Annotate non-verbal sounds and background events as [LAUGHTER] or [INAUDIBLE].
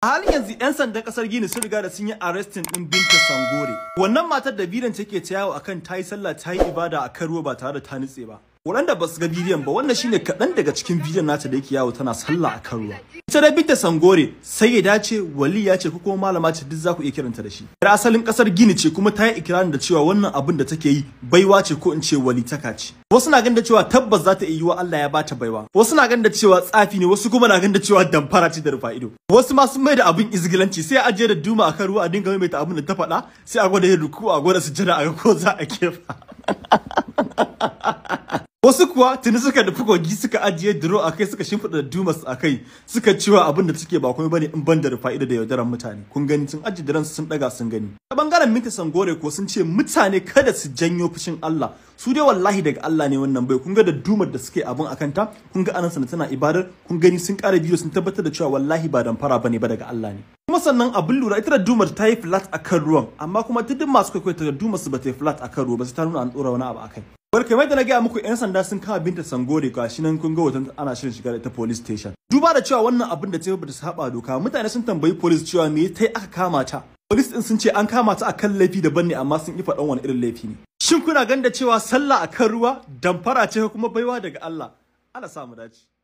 A halin yanzu 'yan sandan kasar Gini sun riga da sun yi arrestin din Binta Sangore. Wannan matar da bidan take ta yawo akan ta yi sallah ta yi ibada a karuwa ba tare da ta nutse ba. waɗanda ba su ga bidiyon ba wannan shine kaɗan daga cikin bidiyon nata da yake yawo tana sallah a kan ruwa ita da binta sangore sai ya dace wali ya ce ko kuma malama ce duk za ku iya kiranta da shi yar asalin ƙasar gini ce kuma ta yi ikirarin da cewa wannan abin da take yi baiwa ce ko in ce wali taka ce wasu na ganin da cewa tabbas za ta iya yiwa Allah ya bata baiwa wasu na ganin da cewa tsafi ne wasu kuma na ganin da cewa damfara ce da rufa ido wasu ma sun mai da abin izgilanci sai a ajiye da duma a kan ruwa a dinga maimaita abin da ta faɗa sai a gwada yin ruku a gwada sujjada a ga ko za a kefa [LAUGHS] wasu kuwa tuni suka nufi kogi suka ajiye duro a kai suka shimfiɗa dumas a kai suka ciwa abin da suke ba komai bane in ban da fa'ida da yaudaran mutane kun gani sun ajiye daren sun daga sun gani a bangaren san gore ko sun ce mutane kada su janyo fushin Allah su dai wallahi daga Allah ne wannan bai kun ga da dumar da suke abin akan ta kun ga anan tana ibadar kun gani sun kara bidiyo sun tabbatar da cewa wallahi ba damfara bane ba daga Allah ne kuma sannan abin lura ita da dumar ta yi flat akan ruwan amma kuma duk masu kwaikwayo ta dumar su ba ta yi flat akan ruwa ba sai ta nuna an ɗora wani abu akai kai, mai da na gaya muku yan sanda sun kawo binta sangore ga shi nan kun ga hoton ana shirin shiga da ta police station duba da cewa wannan abin da ta yi bata saba doka mutane sun tambayi police cewa me ta aka kama ta police din sun ce an kama ta akan laifi daban ne amma sun yi faɗan wani irin laifi ne shin kuna ganin da cewa sallah akan ruwa damfara ce kuma baiwa daga Allah Allah samu dace